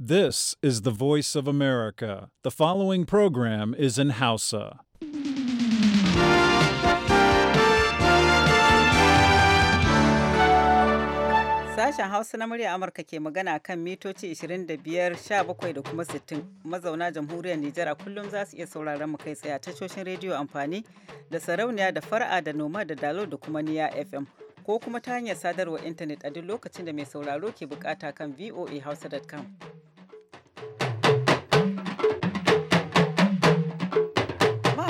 This is the voice of America. The following program is in Hausa. Sashen Hausa na murya Amurka ke magana kan mitoci 25, 17 da kuma 60. Mazauna jamhuriyar Nijar a kullum za su iya sauraron mu kai tsaye a tashoshin rediyo amfani da sarauniya da fara da noma da dalo da kuma niya FM. ko kuma ta hanyar sadarwar intanet a duk lokacin da mai sauraro ke bukata kan voahausa.com.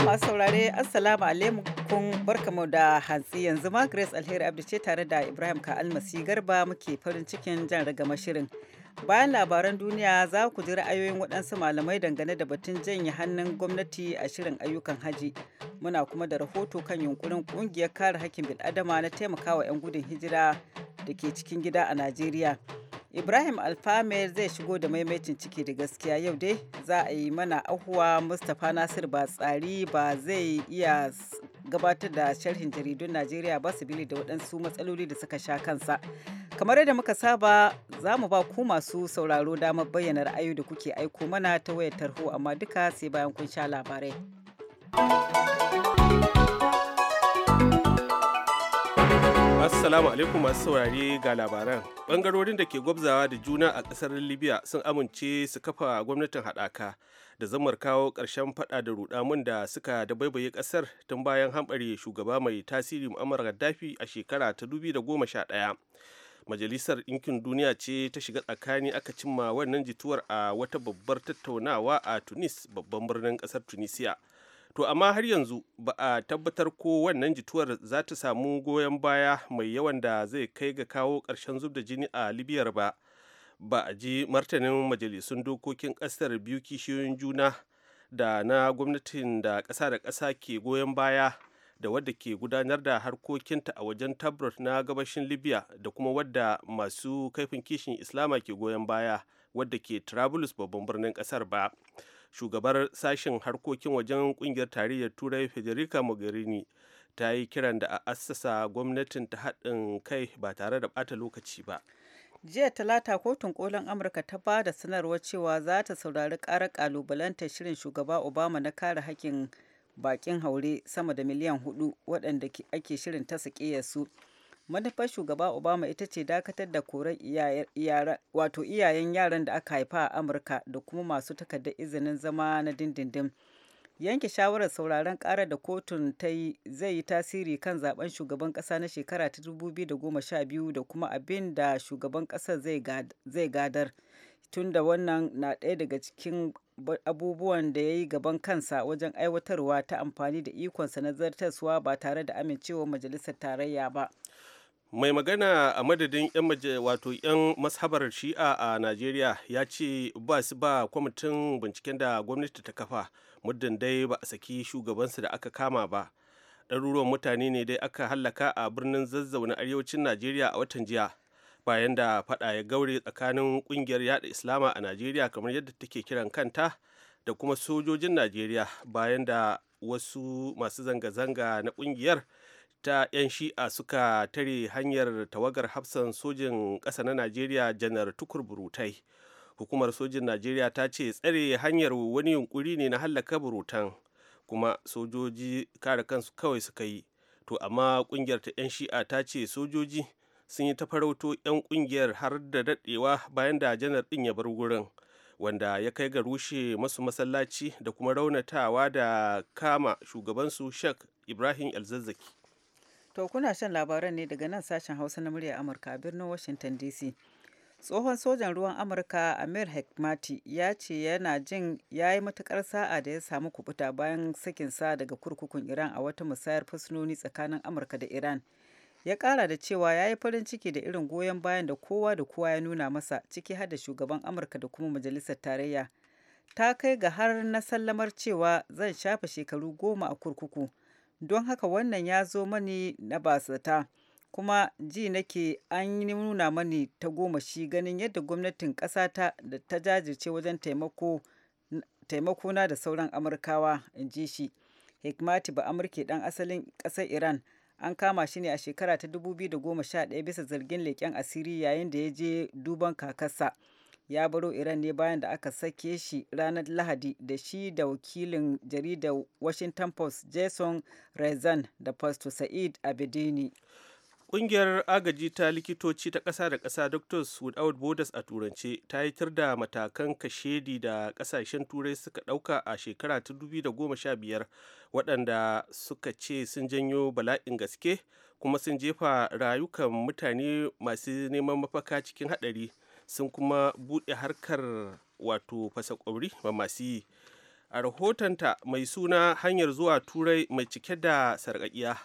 masu saurare assalamu alaikum barkamu da hantsi yanzu ma grace alheri abdu ce tare da ibrahim ka almasi garba muke farin cikin jan ragama shirin Bayan labaran duniya za ku ji ra'ayoyin waɗansu malamai dangane da batun janye hannun gwamnati a shirin ayyukan haji. Muna kuma da rahoto kan yunkurin ƙungiyar kare hakkin bil'adama na taimakawa 'yan gudun hijira da ke cikin gida a Najeriya. Ibrahim alfame zai shigo da maimaitin ciki da gaskiya yau dai za a yi mana ahuwa Mustapha Nasir ba tsari ba zai iya gabatar da sharhin jaridun Najeriya ba su bili da waɗansu matsaloli da suka sha kansa. kamar yadda muka saba za mu ba ku masu sauraro damar bayyana ra'ayoyi da kuke aiko mana ta wayar tarho amma duka sai bayan kun sha labarai Assalamu alaikum masu saurare ga labaran. Bangarorin da ke gwabzawa da juna a ƙasar Libya sun amince su kafa gwamnatin haɗaka da zamar kawo ƙarshen faɗa da rudamun da suka dabaibaye ƙasar tun bayan hamɓare shugaba mai tasiri mu'amar Gaddafi a shekara ta 2011. majalisar ɗinkin duniya ce ta shiga tsakani aka cimma wannan jituwar a wata babbar tattaunawa a tunis babban birnin ƙasar tunisia to amma har yanzu ba a tabbatar ko wannan jituwar za ta samu goyon baya mai yawan da zai kai ga kawo ƙarshen zub da jini a libyar ba ba a ji martanin majalisun dokokin ƙasar biyu kishiyoyin juna da na gwamnatin da ƙasa da ƙasa ke goyon baya da wadda ke gudanar da harkokinta a wajen tabrot na gabashin libya da kuma wadda masu kaifin kishin islama ke goyon baya wadda ke trablus babban birnin kasar ba shugabar sashen harkokin wajen kungiyar tarayyar turai federica mogherini ta yi kiran da a assasa gwamnatin ta haɗin kai ba tare da bata lokaci ba jiya talata kotun kolin amurka ta ba da sanarwar cewa za ta saurari ƙarar ƙalubalantar shirin shugaba obama na kare haƙƙin bakin haure sama da miliyan hudu waɗanda ake shirin ta su manufar shugaba obama ita ce dakatar da koran iyayen yaran da aka haifa a amurka da kuma masu takardar izinin zama na dindindin yanke shawarar sauraron ƙara da kotun ta yi zai yi tasiri kan zaben shugaban ƙasa na shekara ta 2012 da kuma abin da shugaban ƙasar zai gadar tun da wannan na ɗaya daga cikin abubuwan da ya yi gaban kansa wajen aiwatarwa ta amfani da ikonsa na zartaswa ba tare da amincewa majalisar tarayya ba. mai magana a madadin 'yan wato 'yan mashabar shi'a a najeriya ya ce ba su ba kwamitin binciken da gwamnati ta kafa muddin dai ba a saki shugabansu da aka kama ba ɗaruruwan mutane ne dai aka hallaka a birnin zazzau na arewacin najeriya a watan jiya bayan da fada ya gaure tsakanin kungiyar yada islama a najeriya kamar yadda take kiran kanta da kuma sojojin najeriya bayan da wasu masu zanga-zanga na kungiyar ta 'yan shi'a suka tare hanyar tawagar hafsan sojin ƙasa na najeriya janar tukur burutai hukumar sojin najeriya ta ce tsare hanyar wani yunkuri ne na hallaka burutan kuma sojoji kare kansu kawai suka yi to amma kungiyar ta 'yan shi'a ta ce sojoji sun yi ta farauto 'yan kungiyar har da daɗewa bayan da janar din ya bar wurin wanda ya kai ga rushe masu masallaci da kuma raunatawa da kama shugabansu shek ibrahim elzazzaki to kuna shan labaran ne daga nan sashen hausa na murya amurka a birnin washington dc tsohon sojan ruwan amurka amir hekmati ya ce yana jin ya yi matukar sa'a da ya samu kubuta bayan sakinsa daga kurkukun iran a wata musayar fasinoni tsakanin amurka da iran ya kara da cewa ya yi farin ciki da irin goyon bayan da kowa da kowa ya nuna masa ciki har da shugaban amurka da kuma majalisar tarayya ta kai ga har na sallamar cewa zan shafe shekaru goma a kurkuku don haka wannan ya zo mani na basata kuma ji nake an yi nuna mani ta goma shi ganin yadda gwamnatin ƙasata da ta jajirce wajen taimakona da sauran amurkawa in ji shi hikmati ba amurke dan asalin ƙasar iran an kama shi ne a shekara ta 2011 bisa zargin leƙen asiri yayin da ya je duban kakarsa ya baro iran ne bayan da aka sake shi ranar lahadi da shi da wakilin jaridar washington post jason rezan da pastor sa'id abedini Ƙungiyar agaji ta likitoci ta ƙasa da ƙasa Doctors Without Borders a Turance ta yi da matakan kashedi da ƙasashen Turai suka ɗauka a shekara ta 2015 waɗanda suka ce sun janyo bala'in gaske kuma sun jefa rayukan mutane masu neman mafaka cikin haɗari sun kuma buɗe harkar wato fasa ƙwauri ba masu yi. A rahotonta mai suna hanyar zuwa Turai mai cike da sarƙaƙiya.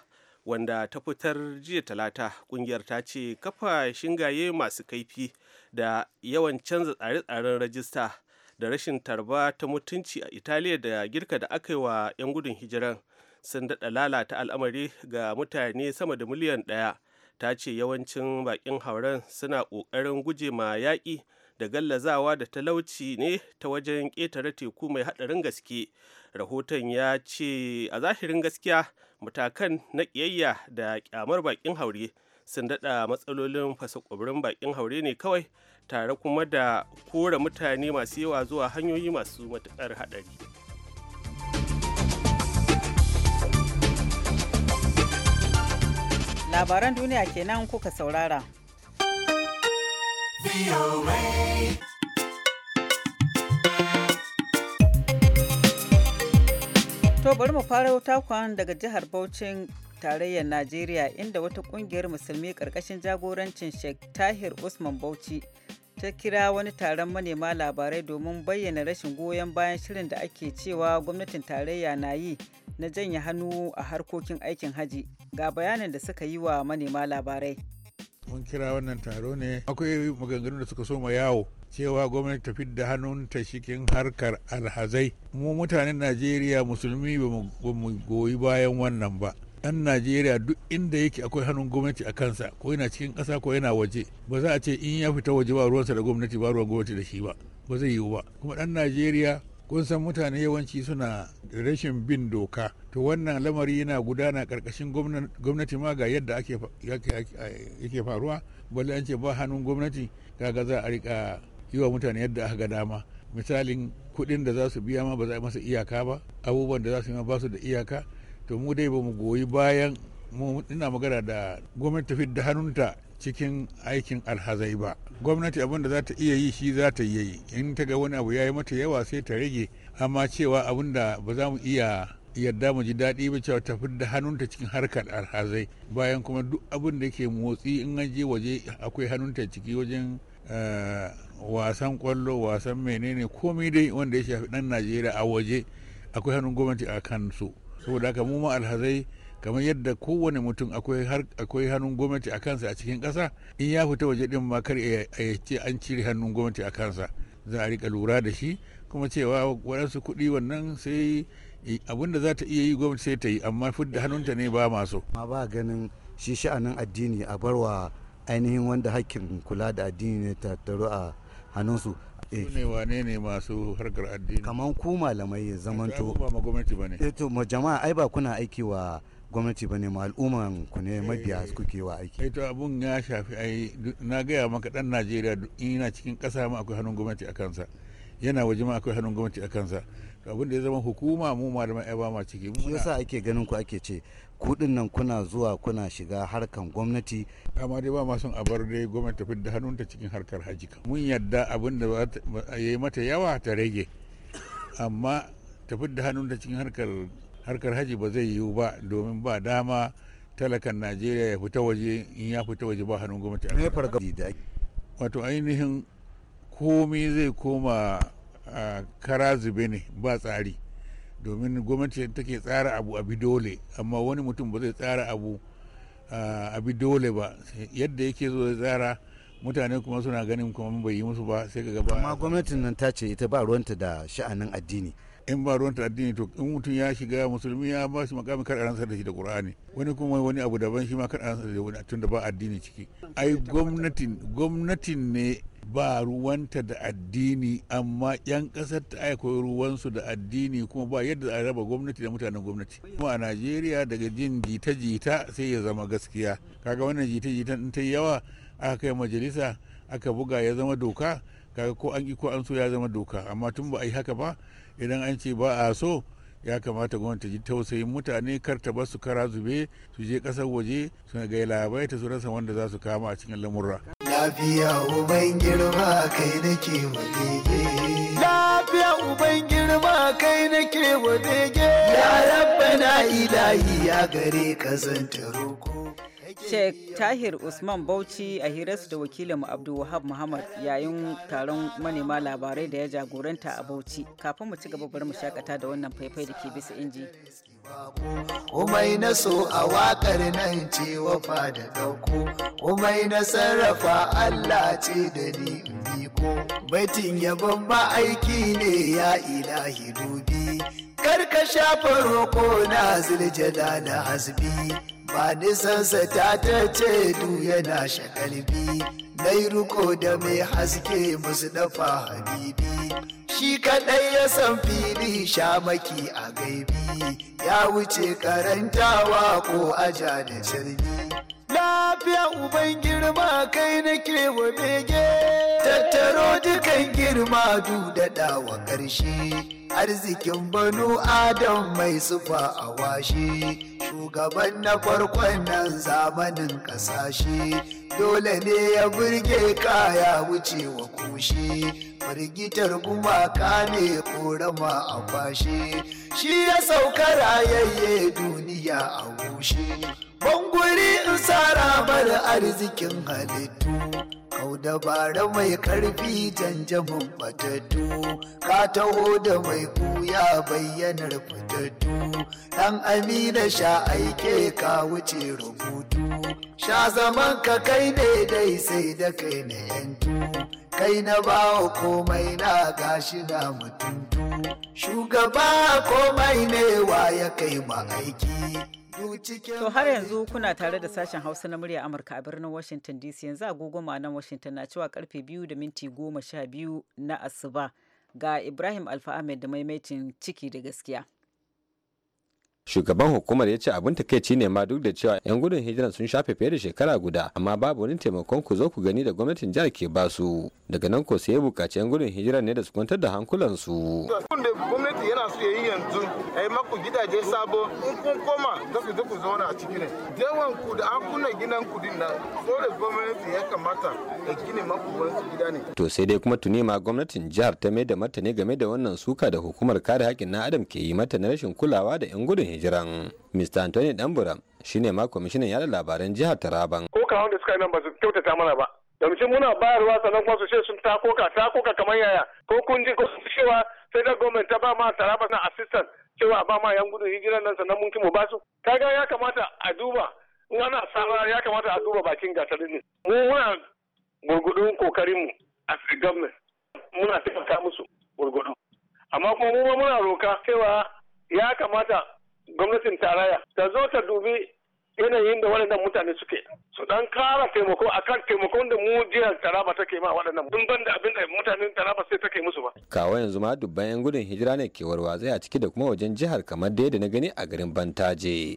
wanda ta fitar jiya talata kungiyar ta ce kafa shingaye masu kaifi da yawan canza tsare-tsaren rajista da rashin tarba ta mutunci a italiya da girka da aka yi wa 'yan gudun hijiran sun daɗa lalata al'amari ga mutane sama da miliyan ɗaya ta ce yawancin baƙin hauren suna ƙoƙarin guje ma yaƙi da gallazawa da talauci ne ta wajen ƙetare teku mai haɗarin gaske rahoton ya ce a zahirin gaskiya matakan na ƙiyayya da ƙyamar bakin haure sun daɗa matsalolin fasakwabrin bakin haure ne kawai tare kuma da kora mutane masu yawa zuwa hanyoyi masu matuƙar haɗari labaran duniya kenan kuka saurara To bari mu fara wuta kwan daga jihar Bauchin tarayyar Najeriya inda wata kungiyar musulmi karkashin jagorancin Sheikh Tahir Usman Bauchi ta kira wani taron manema labarai domin bayyana rashin goyon bayan shirin da ake cewa gwamnatin tarayya na yi na janye hannu a harkokin aikin haji ga bayanin da suka yi wa manema labarai. mun kira wannan taro ne akwai maganganun da suka so soma yawo cewa gwamnati ta fidda hannunta cikin harkar alhazai mu mutanen najeriya musulmi ba mu goyi bayan wannan ba ɗan najeriya duk inda yake akwai hannun gwamnati a kansa ko yana cikin ƙasa ko yana waje ba za a ce in ya fita waje ba ruwansa da gwamnati ba ruwan gwamnati da shi ba ba zai yiwu ba kuma ɗan najeriya kun san mutane yawanci suna rashin bin doka to wannan lamari yana gudana karkashin gwamnati ma ga yadda ake faruwa balle an ce ba hannun gwamnati kaga za a rika yi wa mutane yadda aka ga dama misalin kuɗin da za su biya ma ba za a masa iyaka ba abubuwan da za su yi ba su da iyaka to mu dai ba mu goyi bayan ina magana da gwamnati ta da hannunta cikin aikin alhazai ba gwamnati abin da za ta iya yi shi za ta yi in ta ga wani abu ya yi mata yawa sai ta rage amma cewa abin da ba za mu iya yadda mu ji daɗi ba cewa ta da hannunta cikin harkar alhazai bayan kuma duk abin da ke motsi in an je waje akwai hannunta ciki wajen eh, wasan kwallo wasan menene komai dai wanda ya shafi ɗan najeriya a waje akwai hannun gwamnati a kan su saboda haka mu ma alhazai kamar yadda kowane mutum akwai hannun gwamnati a kansa a cikin kasa. in ya fita waje din ma kar ya ce an cire hannun gwamnati a kansa za a rika lura da shi kuma cewa waɗansu kuɗi wannan sai abin da za ta iya yi gwamnati sai ta yi amma fidda hannunta ne ba masu. ma ba ganin shi sha'anin addini a barwa ainihin wanda hakkin kula da addini ne tattaru a hannunsu eh. ne wane ne masu harkar addini kamar ku malamai zamanto ba gwamnati ba ne eh, to jama'a ai ba kuna aiki wa gwamnati ba ne al'umman ku ne mabiya eh, kuke wa aiki Eto eh, abun ya shafi ai na gaya maka dan najeriya ina cikin kasa ma akwai hannun gwamnati a kansa yana waje ma akwai hannun gwamnati a kansa abun da ya zama hukuma mu da ma ba ma ciki mu yasa ake ganin ku ake ce kudin nan kuna zuwa kuna shiga harkan gwamnati amma dai ba ma son a bar dai gwamnati tafi da hannunta cikin harkar haji mun yadda abin da ya yi mata yawa ta rage amma tafi da hannunta cikin harkar harkar haji ba zai yiwu ba domin ba dama talakan najeriya ya fita waje in ya fita waje ba hannun gwamnati wato ainihin komi zai koma kara zube ne ba tsari domin gwamnati take tsara abu abi dole amma wani mutum ba zai tsara abu abi dole ba yadda yake zo ya tsara mutane kuma suna ganin kuma bai yi musu ba sai ga gaba amma gwamnatin nan ta ce ita ba ruwanta da sha'anin addini in ba ruwan addini to in mutum ya shiga musulmi ya ba shi makamin kar a da shi da qur'ani wani kuma wani abu daban shi ma kar a da wani tun da ba addini ciki ai gwamnatin gwamnatin ne ba ruwanta da addini amma yan kasar ta aiko ruwansu da addini kuma ba yadda a raba gwamnati da mutanen gwamnati kuma a najeriya daga jin jita-jita sai ya zama gaskiya kaga wannan jita-jita in ta yawa aka kai majalisa aka buga ya zama doka kaga ko an ko an so ya zama doka amma tun ba a yi haka ba idan an ce ba a so ya kamata gwamnati ji tausayin mutane kar ta basu kara zube su je kasar waje su ga labai ta su rasa wanda za su kama a cikin lamurra. Lafiya uban girma kai nake wadege. Lafiya uban girma kai nake wadege. Ya rabba na ilahi ya gare ka zanta roko. Sheikh Tahir Usman Bauchi a hirarsu da wakilin Abdulwahab Muhammad yayin taron manema labarai da ya jagoranta a Bauchi. Kafin mu ci gaba bari mu shakata da wannan faifai da ke bisa inji. Umai na so a wakar nan ce wafa da dauko, umai na sarrafa Allah ce da ni biko. Baitin yabon ba aiki ne ya ilahi dubi, kar ka shafa roko na ziljada da azbi. ba nisansa ta tace du yana shakalbi na yi ruko da mai haske musu dafa habibi shi kaɗai ya san fili shamaki a gaibi ya wuce karantawa ko aja da sirbi lafiya uban girma kai nake wa bege tattaro dukan girma du daɗa ƙarshe arzikin banu adam mai sufa a washe shugaban na farkon nan zamanin kasashe dole ne ya burge kaya wucewa kushe firgitar gumaka ne korama a kwashe shi ya sauka rayayye duniya a gushe banguri in sara bar arzikin halittu yau dabara mai karfi janjamin fatattu ka taho da mai kuya bayyanar fatattu Ɗan amina sha aike ka wuce rubutu sha zaman ka kai daidai sai da kai na yantu kai na bawa komai na gashi na mutuntu shugaba komai ne wa ya kai ma aiki To har yanzu kuna tare da sashen Hausa na murya Amurka a birnin Washington DC yanzu agogo nan Washington na cewa karfe biyu da minti goma sha biyu na asuba ga Ibrahim Alfa Ahmed da maimaitin ciki da gaskiya. shugaban hukumar ya ce abin takaici ne ma duk da cewa yan gudun hijira sun shafe fiye da shekara guda amma babu wani taimakon ku zo ku gani da gwamnatin jihar ke ba su daga nan ko sai ya bukaci yan gudun hijira ne da su kwantar da hankulansu. su gwamnati yana so ya yi yanzu a yi maku gidaje sabo in kun koma za ku ku zauna a ciki ne yawan ku da an kunna gidan ku din da gwamnati ya kamata ya gine maku to sai dai kuma tuni ma gwamnatin jihar ta mai da martani game da wannan suka da hukumar kare haƙƙin na adam ke yi mata na rashin kulawa da yan gudun jiran mr anthony danburam shine ma kwamishinan yada labaran jihar taraba. ko ka da suka yi nan ba su kyautata mana ba yanzu muna bayarwa sannan kuma su ce sun ta koka ta koka kamar yaya ko kun ji ko cewa sai da gwamnati ta ba ma taraba na assistant cewa ba ma yan gudun hijiran nan sannan mun kimo su. kaga ya kamata a duba in ana sara ya kamata a duba bakin gasarin ne mu muna gurgudun kokarin mu a gwamnati muna taimaka musu gurgudu amma kuma mu muna roka cewa ya kamata gwamnatin tarayya ta zo ta dubi yanayin da waɗannan mutane suke su dan kara taimako akan taimakon da mu jiyar taraba take ma waɗannan mutane ban da abin da mutanen taraba sai take musu ba kawo yanzu ma dubban yan gudun hijira ne ke warwa zai a ciki da kuma wajen jihar kamar da na gani a garin bantaje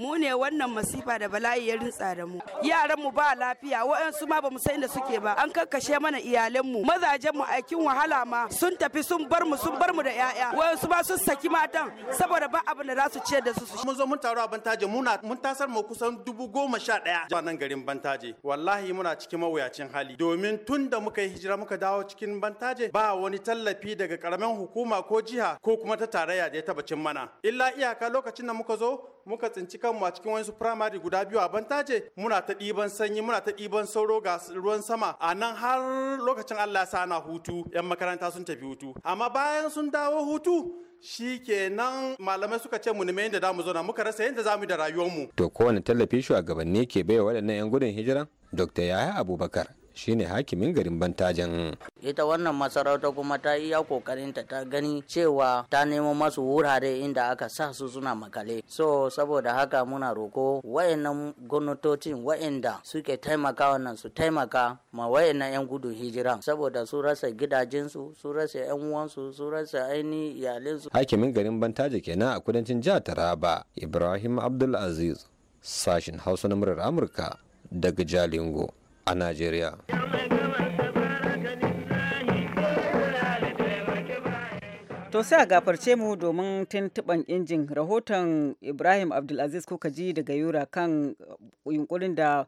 mu ne wannan masifa da bala'i ya rintsa da mu yaran mu ba lafiya waɗansu ma bamu san inda suke ba an karkashe mana iyalan mu mazajen mu aikin wahala ma sun tafi sun bar mu sun bar mu da yaya waɗansu ma sun saki matan saboda ba abin da za su ciyar da su mun zo mun taru a bantaje muna mun tasar mu kusan dubu goma sha ɗaya nan garin bantaje wallahi muna cikin mawuyacin hali domin tun da muka yi hijira muka dawo cikin bantaje ba wani tallafi daga karamin hukuma ko jiha ko kuma ta tarayya da ya taba cin mana illa iyaka lokacin da muka zo muka tsinci kanmu a cikin wasu firamare guda biyu a bantaje muna ta ɗiban sanyi muna ta ɗiban sauro ga ruwan sama a nan har lokacin Allah sa ana hutu yan makaranta sun tafi hutu amma bayan sun dawo hutu shi kenan malamai suka ce mu nemi yadda za zamu zauna muka rasa yadda za mu yi da rayuwarmu to kowane tallafi shugabanni ke baiwa waɗannan yan gudun hijira Dr. yaya Abubakar shine hakimin garin bantajan ita wannan masarauta kuma ta iya kokarinta ta gani cewa ta nemo masu wurare inda aka sa su suna makale so saboda haka muna roko wayannan gwamnatocin wayanda suke taimaka wannan su taimaka ma wayannan yan gudun hijira saboda su rasa gidajensu su rasa yan uwansu su rasa aini iyalinsu hakimin garin bantaje kenan a kudancin jihar taraba ibrahim abdulaziz sashin hausa na murar amurka daga jalingo a najeriya To sai a gafarce mu domin tuntuɓan injin rahoton Ibrahim Abdulaziz kuka ji daga Yura kan uh, yunkurin da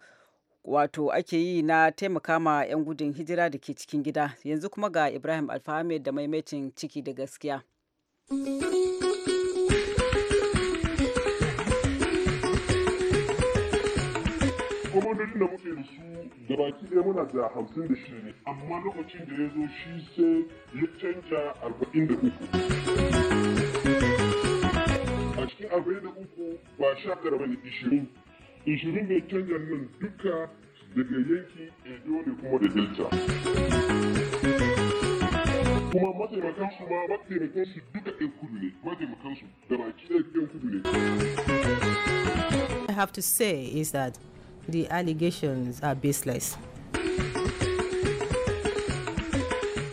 wato ake yi na taimaka ma 'yan gudun hijira da ke cikin gida. Yanzu kuma ga Ibrahim Alfahamed da maimacin ciki da gaskiya. muke da su da baki muna da da ne amma lokacin da shi sai ya canja a cikin ba ne canja nan duka daga yanki edo kuma da delta kuma mataimakan su ma mataimakan su duka kudu ne mataimakan su da baki kudu ne I have to say is that the allegations are baseless.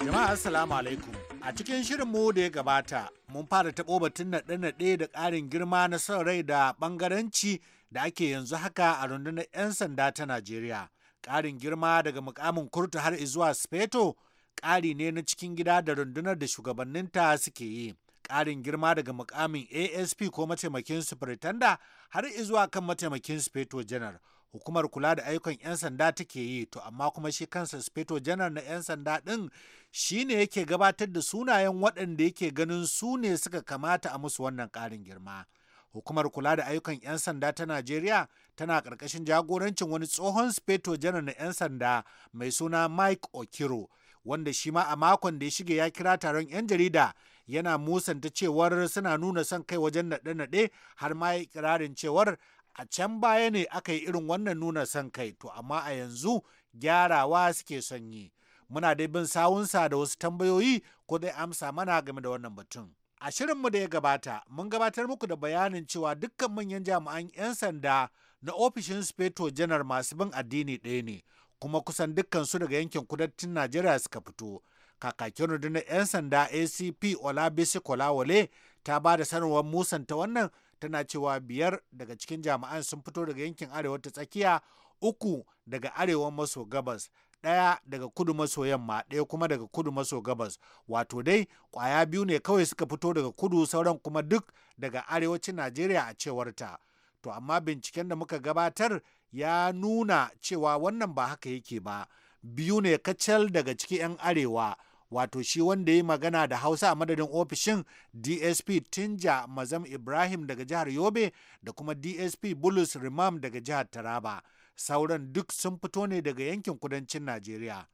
Jama'a Assalamu alaikum. A cikin shirinmu da ya gabata, mun fara taɓo batun naɗe-naɗe da ƙarin girma na son rai da ɓangaranci da ake yanzu haka a rundunar 'yan sanda ta Najeriya. Ƙarin girma daga mukamin kurtu har zuwa speto ƙari ne na cikin gida da rundunar da shugabanninta suke yi. Ƙarin girma daga mukamin ASP ko mataimakin Sufritanda har zuwa kan mataimakin speto Janar. hukumar kula da ayyukan 'yan sanda take yi to amma kuma shi kansa speto janar na 'yan sanda ɗin shi ne yake gabatar da sunayen waɗanda yake ganin su ne suka kamata a musu wannan ƙarin girma hukumar kula da ayyukan 'yan sanda ta najeriya tana ƙarƙashin jagorancin wani tsohon speto janar na 'yan sanda mai suna mike okiro wanda shi ma a makon da ya shige ya kira taron 'yan jarida yana musanta cewar suna nuna son kai wajen naɗe-naɗe har ma ya ikirarin cewar a can baya ne aka yi irin wannan nuna son kai to amma a yanzu gyarawa suke son yi muna da bin sawunsa da wasu tambayoyi ko dai amsa mana game da wannan batun a shirinmu da ya gabata mun gabatar muku da bayanin cewa dukkan manyan jami'an 'yan sanda na ofishin speto janar masu bin addini ɗaya ne kuma kusan dukkan su daga yankin kudancin najeriya suka fito kakakin rundunar 'yan sanda acp olabisi kolawole ta ba da sanarwar musanta wannan tana cewa biyar daga cikin jami'an sun fito daga yankin arewa ta tsakiya uku daga arewa maso gabas ɗaya daga kudu maso yamma ɗaya kuma daga kudu maso gabas wato dai ƙwaya biyu ne kawai suka fito daga kudu sauran kuma duk daga arewacin najeriya a cewarta to amma binciken da muka gabatar ya nuna cewa wannan ba haka yake ba biyu ne kacal daga ciki 'yan arewa wato shi wanda ya magana da hausa a madadin ofishin dsp tinja mazam ibrahim daga jihar yobe da kuma dsp bulus rimam daga jihar taraba sauran duk sun fito ne daga yankin kudancin najeriya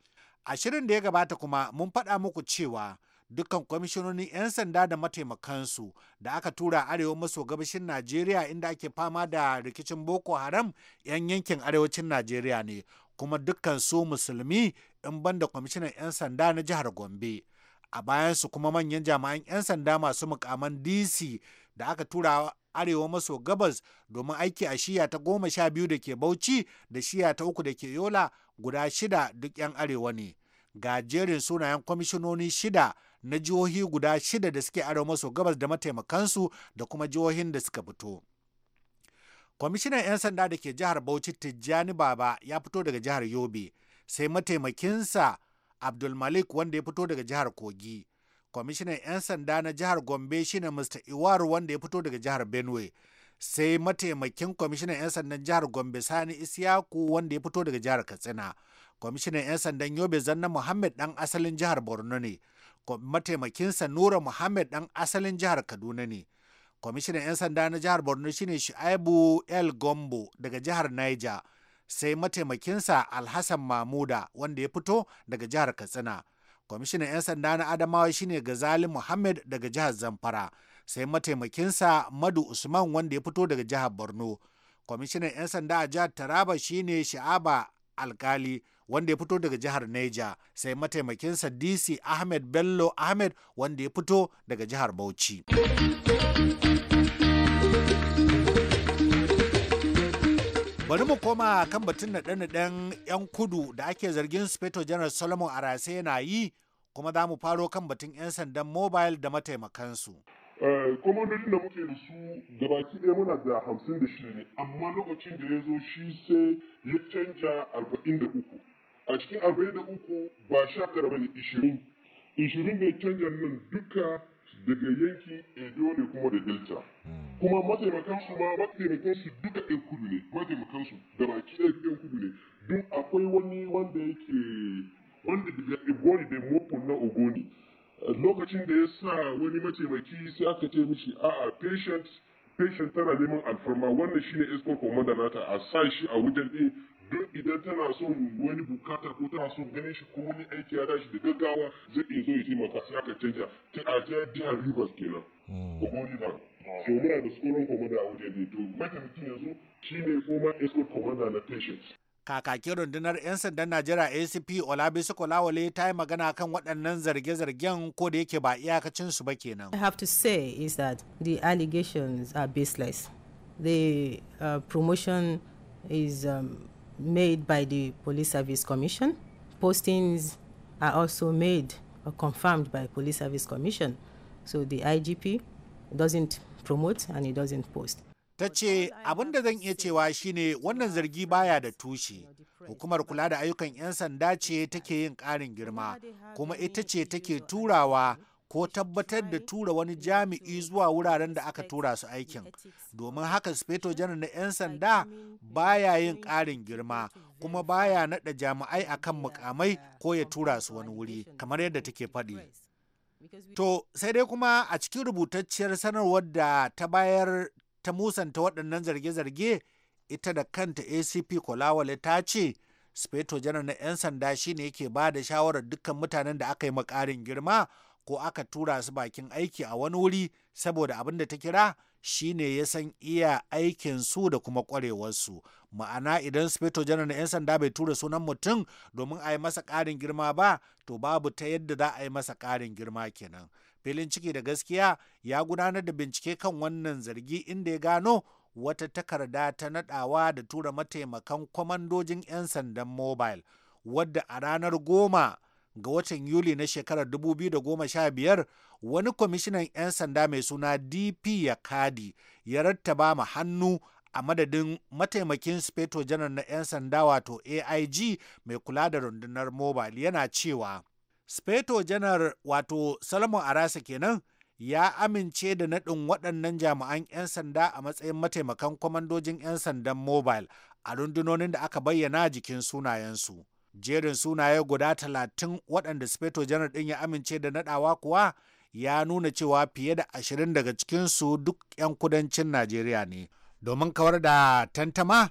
a shirin da ya gabata kuma mun faɗa muku cewa dukkan kwamishinonin 'yan sanda da mataimakansu da aka tura arewa maso gabashin najeriya inda ake fama da rikicin boko haram 'yan yankin arewacin najeriya ne kuma dukkan su musulmi in banda kwamishinan 'yan sanda na jihar Gombe. A bayansu kuma manyan jami'an 'yan sanda masu mukaman DC da aka tura arewa maso gabas domin aiki a shiya ta goma sha biyu da ke Bauchi da shiya ta uku da ke Yola guda shida duk 'yan arewa ne. Ga jerin sunayen kwamishinoni shida na jihohi guda shida da suke arewa maso gabas da mataimakansu da kuma jihohin da suka fito. Kwamishinan 'yan sanda da ke jihar Bauchi Tijjani Baba ya fito daga jihar Yobe. sai mataimakinsa abdulmalik wanda ya fito daga jihar kogi kwamishinan 'yan sanda na jihar gombe shine mr iwar wanda ya fito daga jihar benue sai mataimakin kwamishinan 'yan sandan jihar gombe sani isyaku wanda ya fito daga jihar katsina kwamishinan 'yan sandan yobe zanna muhammad dan asalin jihar borno ne mataimakinsa nura muhammad dan asalin jihar kaduna ne kwamishinan 'yan sanda na jihar borno shine shu'aibu el gombo daga jihar niger sai mataimakinsa alhassan mamuda wanda ya fito daga jihar katsina kwamishinan 'yan sanda na adamawa shine gazali muhammad daga jihar zamfara sai mataimakinsa madu usman wanda ya fito daga jihar borno kwamishinan 'yan sanda a jihar taraba shine sha'aba alkali wanda ya fito daga jihar neja sai mataimakinsa dc ahmed bello ahmed wanda ya fito daga jihar bauchi bari mu koma kan batun naɗe ɗan 'yan kudu da ake zargin speto general solomon arase na yi kuma za mu faro kan batun 'yan sandan mobile da mataimakansu kwamandodin eh, da muke da su da baki ɗaya muna da hamsin da shida ne amma lokacin da ya zo shi sai ya canja arba'in da uku a cikin arba'in da uku ba sha tara ba ne ishirin ishirin ne canjan nan duka daga yankin edo ne kuma da delta Hmm. kuma mataimakan su ma mataimakan su duka ɗan kudu ne mataimakan su da baki ɗaya ɗan kudu ne duk akwai wani wanda yake wanda daga igori da mopon na ogoni lokacin da ya sa wani mataimaki sai aka ce mishi a'a patient patient tana neman alfarma wannan shine escort commander nata a sa shi a wajen ɗin don idan tana son wani bukata ko tana son ganin shi ko wani aiki ya tashi da gaggawa zai iya zo ya taimaka sai aka canja ta a jihar rivers kenan hmm. ogoni ba so to former escort commander patients sandan najeriya acp kolawole ta yi magana kan waɗannan zarge-zargen ko da yake ba iyakacin su ba kenan i have to say is that the allegations are baseless the uh, promotion is um, made by the police service commission postings are also made or confirmed by police service commission so the igp doesn't promote and he doesn't post. ta ce abin da zan iya cewa shine wannan zargi baya da tushe hukumar kula da ayyukan 'yan sanda ce take yin ƙarin girma kuma ita ce take turawa ko tabbatar da tura wani jami'i zuwa wuraren da aka tura su aikin domin haka speto janar na 'yan sanda baya yin ƙarin girma kuma baya naɗa jami'ai akan mukamai ko ya tura su wani wuri kamar yadda take faɗi To sai dai kuma a cikin rubutacciyar sanarwar da ta bayar ta musanta waɗannan zarge-zarge ita da kanta ACP Kolawale ta ce Speto janar na 'yan sanda shi ne yake ba da shawarar dukkan mutanen da aka yi makarin girma ko aka tura su bakin aiki a wani wuri saboda abin da ta kira shine ya san iya aikin su da kuma kwarewarsu ma'ana idan speto janar na 'yan sanda bai tura sunan mutum domin a yi masa ƙarin girma ba to babu ta yadda za a yi masa ƙarin girma kenan filin ciki da gaskiya ya gudanar da bincike kan wannan zargi inda ya gano wata takarda ta nadawa da tura mataimakan kwamandojin 'yan sandan mobile wadda a ranar goma ga watan Yuli na shekarar 2015 wani kwamishinan 'yan sanda mai suna DP ya kadi ya rattaba ma hannu a madadin mataimakin speto janar na 'yan sanda wato AIG mai kula da rundunar mobile yana cewa speto janar wato Salomon Arasa kenan ya amince da naɗin waɗannan jami'an 'yan sanda a matsayin mataimakan kwamandojin 'yan sandan mobile a rundunonin da aka bayyana jikin sunayensu. jerin sunaye guda talatin waɗanda speto janar ɗin ya amince da naɗawa kuwa ya nuna cewa fiye da ashirin daga cikinsu duk 'yan kudancin najeriya ne domin kawar da tantama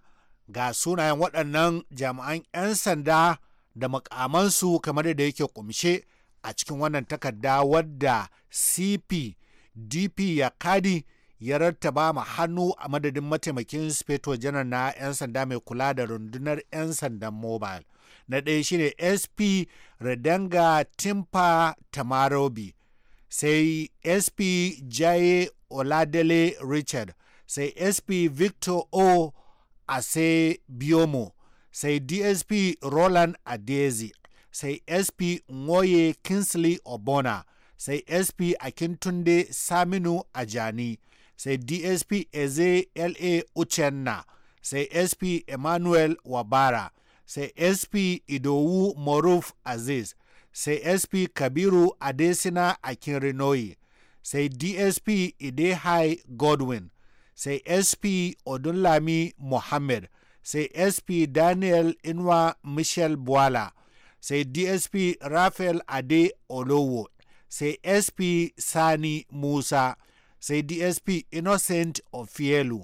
ga sunayen waɗannan jami'an 'yan sanda da makamansu kamar da yake kumshe a cikin wannan takarda wadda cp dp ya kadi ya rattaba ma hannu a madadin mataimakin speto janar na 'yan sanda mai kula da rundunar 'yan sandan mobile na ɗaya shine sp redanga timpa tamarobi sai sp jaye oladele richard sai sp victor o ase biomo sai dsp roland adezi sai sp ngoye kinsley obona sai sp akintunde saminu ajani sai dsp eze la uchenna sai sp emmanuel wabara sai sp idowu maruf aziz sai sp kabiru adesina akinrinoyi sai dsp idehai godwin sai sp odunlami mohammed sai sp daniel inwa michel buala sai dsp rafael ade olowo sai sp sani musa sai dsp innocent ofielu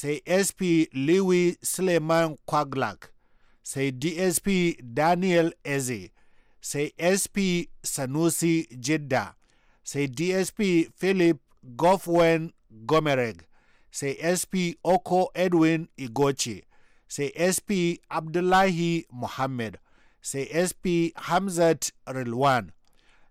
sai sp liwi suleiman kwaglak sai DSP Daniel Eze, sai SP Sanusi Jidda, sai DSP Philip Goffwen Gomereg, sai SP Oko Edwin Igochi, sai SP Abdullahi Muhammad, sai SP Hamzat Rilwan,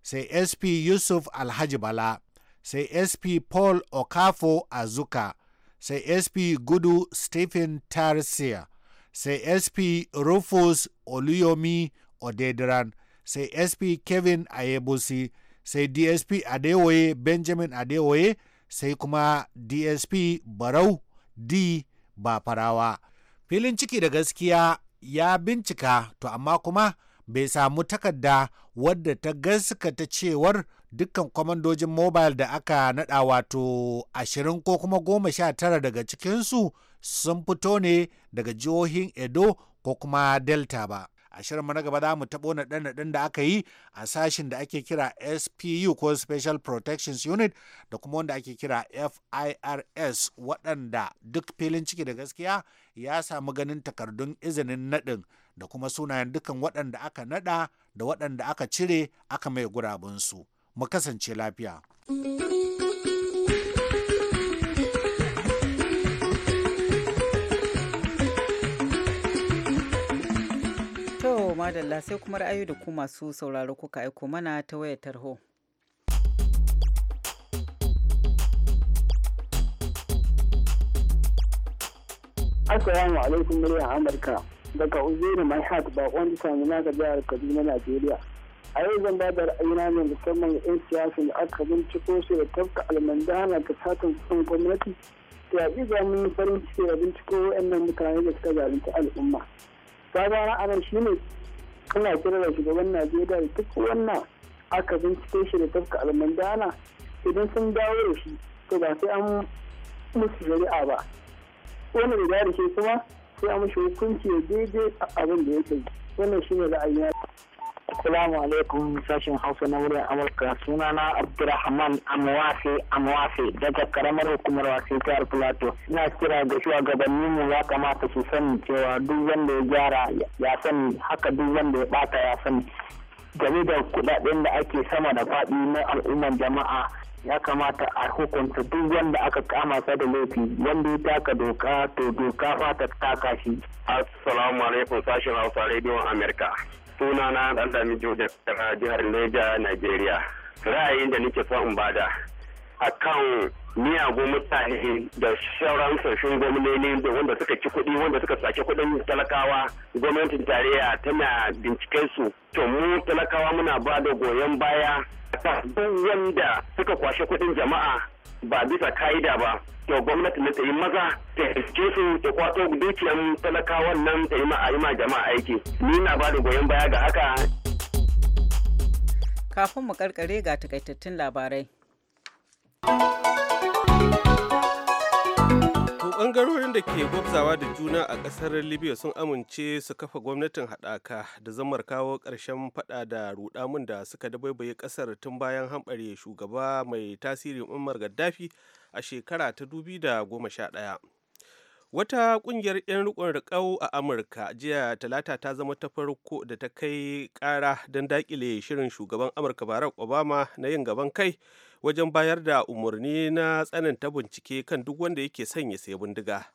sai SP Yusuf Alhaji Bala, sai SP Paul Okafo Azuka, sai SP Gudu Stephen Tarsier. sai sp rufus oluyomi odedran sai sp kevin ayebusi sai dsp adewoye benjamin adewoye sai kuma dsp barau d bafarawa filin ciki da gaskiya ya bincika to amma kuma bai samu takarda wadda ta gaskata cewar dukkan kwamandojin mobile da aka nada wato ashirin ko kuma goma sha tara daga cikinsu sun fito ne daga jihohin Edo ko kuma Delta ba. a shirin na gaba za mu taɓo na ɗan da aka yi a sashin da ake kira SPU ko Special Protections Unit da kuma wanda ake kira FIRS waɗanda duk filin ciki da gaskiya ya samu ganin takardun izinin naɗin da kuma sunayen dukan waɗanda aka naɗa da waɗanda aka cire aka mai gurabunsu. Mu kasance lafiya. madalla sai kuma ra'ayi da ku masu sauraro kuka aiko mana ta wayar tarho. Assalamu alaikum murya Amurka daga Uzuri Mai Hat bakon na ga jihar Kaduna Najeriya. A yau zan ba da ra'ayina ne musamman 'yan siyasa da aka binciko su da tafka almandana ga satan kuɗin gwamnati. za mu yi farin ciki da binciko waɗannan mutane da suka zalunci al'umma. a anan shi ne kana kira da shugaban najeriya da duk wannan aka bincike shi da tafka almandana idan sun dawo da shi to ba sai an musu shari'a ba wani da shi kuma sai an mushi hukunci daidai abin da ya kai wannan shine ra'ayi Assalamu alaikum sashen Hausa na wurin Amurka sunana Abdulrahman Amwafe Amwafe daga karamar hukumar wasu jihar Plateau. Ina kira ga shugabanni mu ya kamata su sani cewa duk wanda ya gyara ya sani haka duk wanda ya bata ya sani. Game da kudaden da ake sama da faɗi na al'ummar jama'a ya kamata a hukunta duk wanda aka kama sa da laifi wanda ya taka doka to doka fata taka shi. Assalamu alaikum sashen Hausa Radio Amerika. suna na ɗanɗami jihar Neja, nigeria Ra'ayin da nake so in bada a kan miyagun mutane da sauran sashen gwamnoni da wanda suka ci kuɗi wanda suka sace kuɗin talakawa gwamnatin tarayya tana binciken su to mu talakawa muna ba da goyon baya ta duk wanda suka kwashe kuɗin jama'a ba bisa ka'ida ba to gwamnati na ta yi maza ta iske su ta kwato dukiyar talakawan nan ta yi ma jama'a aiki ni na ba da goyon baya ga haka kafin mu karkare ga takaitattun labarai bangarorin da ke gwabzawa da juna a kasar libya sun amince su kafa gwamnatin haɗaka da zamar kawo ƙarshen faɗa da rudamun da suka dabaibaye ƙasar tun bayan hamɓare shugaba mai tasirin umar gaddafi a shekara ta da ɗaya. wata ƙungiyar 'yan rikon riƙau a amurka jiya talata ta zama ta farko da ta kai ƙara don daƙile shirin shugaban amurka barack obama na yin gaban kai wajen bayar da umarni na tsananta bincike kan duk wanda yake sanya sai bindiga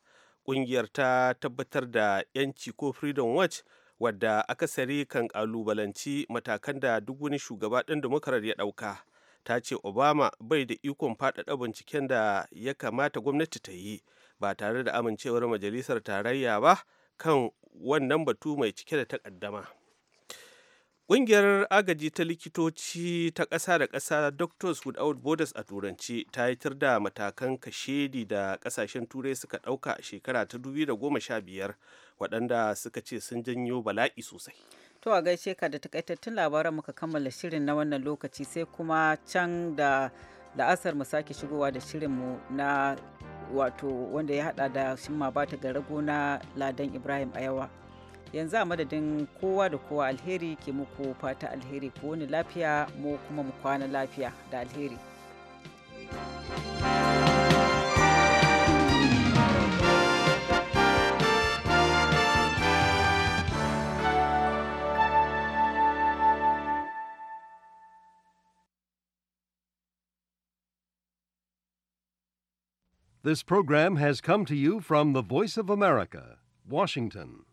ƙungiyar ta tabbatar da 'yanci ko freedom watch wadda akasari kan kalubalanci matakan da duk wani shugaba ɗin demokarar ya ɗauka ta ce obama bai da ikon faɗaɗa binciken da ya kamata gwamnati ta yi ba tare da amincewar majalisar tarayya ba kan wannan batu mai cike da takaddama. Ƙungiyar agaji ta likitoci ta ƙasa da ƙasa Doctors Without Borders a Turanci ta yi da matakan kashedi da ƙasashen Turai suka ɗauka a shekara ta 2015 waɗanda suka ce sun janyo bala'i sosai. To a gaishe ka da takaitattun labaran muka kammala shirin na wannan lokaci sai kuma can da la'asar mu sake shigowa da shirinmu na wato wanda ya hada da shimma ba ta rago na Ladan Ibrahim Ayawa. yanzu a madadin kowa da kowa alheri ke muku fata alheri wani lafiya mu kuma mu kwana lafiya da alheri This program has come to you from the Voice of America, Washington.